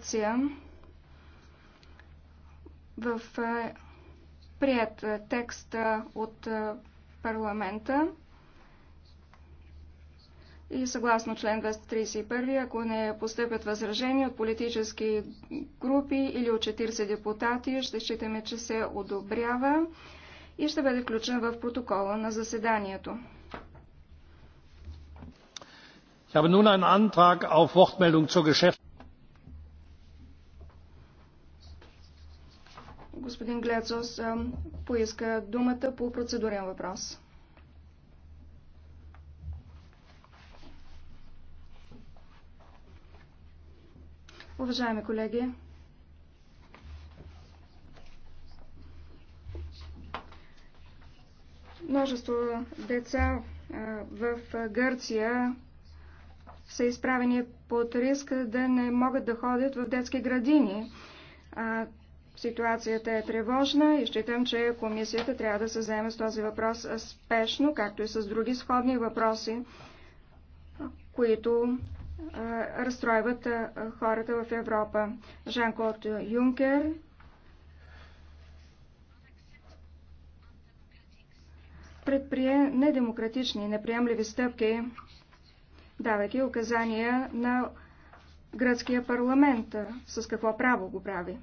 корекция в прият текст от парламента и съгласно член 231, ако не постъпят възражения от политически групи или от 40 депутати, ще считаме, че се одобрява и ще бъде включен в протокола на заседанието. Ich habe nun einen Antrag auf Wortmeldung zur Geschäftsordnung. Господин Глецос поиска думата по процедурен въпрос. Уважаеми колеги, множество деца в Гърция са изправени под риска да не могат да ходят в детски градини. Ситуацията е тревожна и считам, че комисията трябва да се заеме с този въпрос спешно, както и с други сходни въпроси, които разстройват хората в Европа. Жан-Клод Юнкер предприе недемократични, неприемливи стъпки, давайки указания на гръцкия парламент. С какво право го прави?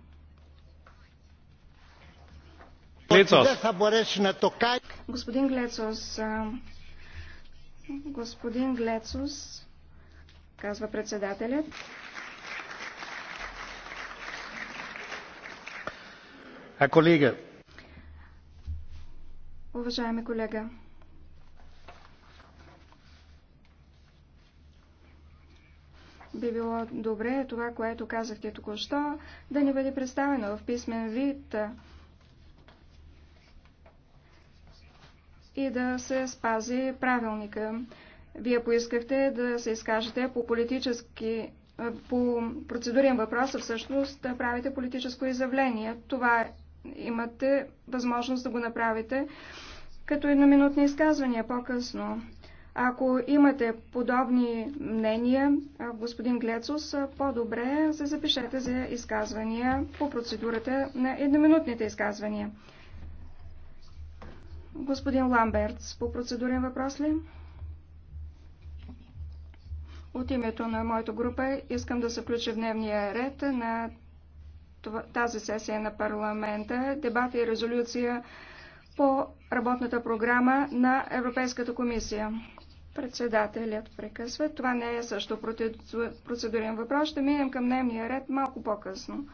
Господин Глецос, господин Глецос, казва председателят. А колега. Уважаеми колега. би било добре това, което казахте току-що, да ни бъде представено в писмен вид. и да се спази правилника. Вие поискахте да се изкажете по политически по процедурен въпрос, а всъщност да правите политическо изявление. Това имате възможност да го направите като едноминутни изказвания по-късно. Ако имате подобни мнения, господин Глецус, по-добре се запишете за изказвания по процедурата на едноминутните изказвания. Господин Ламбертс, по процедурен въпрос ли? От името на моята група искам да се включа в дневния ред на тази сесия на парламента дебата и резолюция по работната програма на Европейската комисия. Председателят прекъсва. Това не е също процедурен въпрос. Ще минем към дневния ред малко по-късно.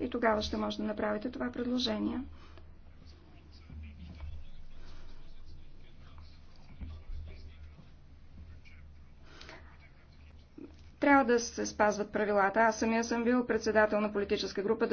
И тогава ще може да направите това предложение. трябва да се спазват правилата. Аз самия съм бил председател на политическа група,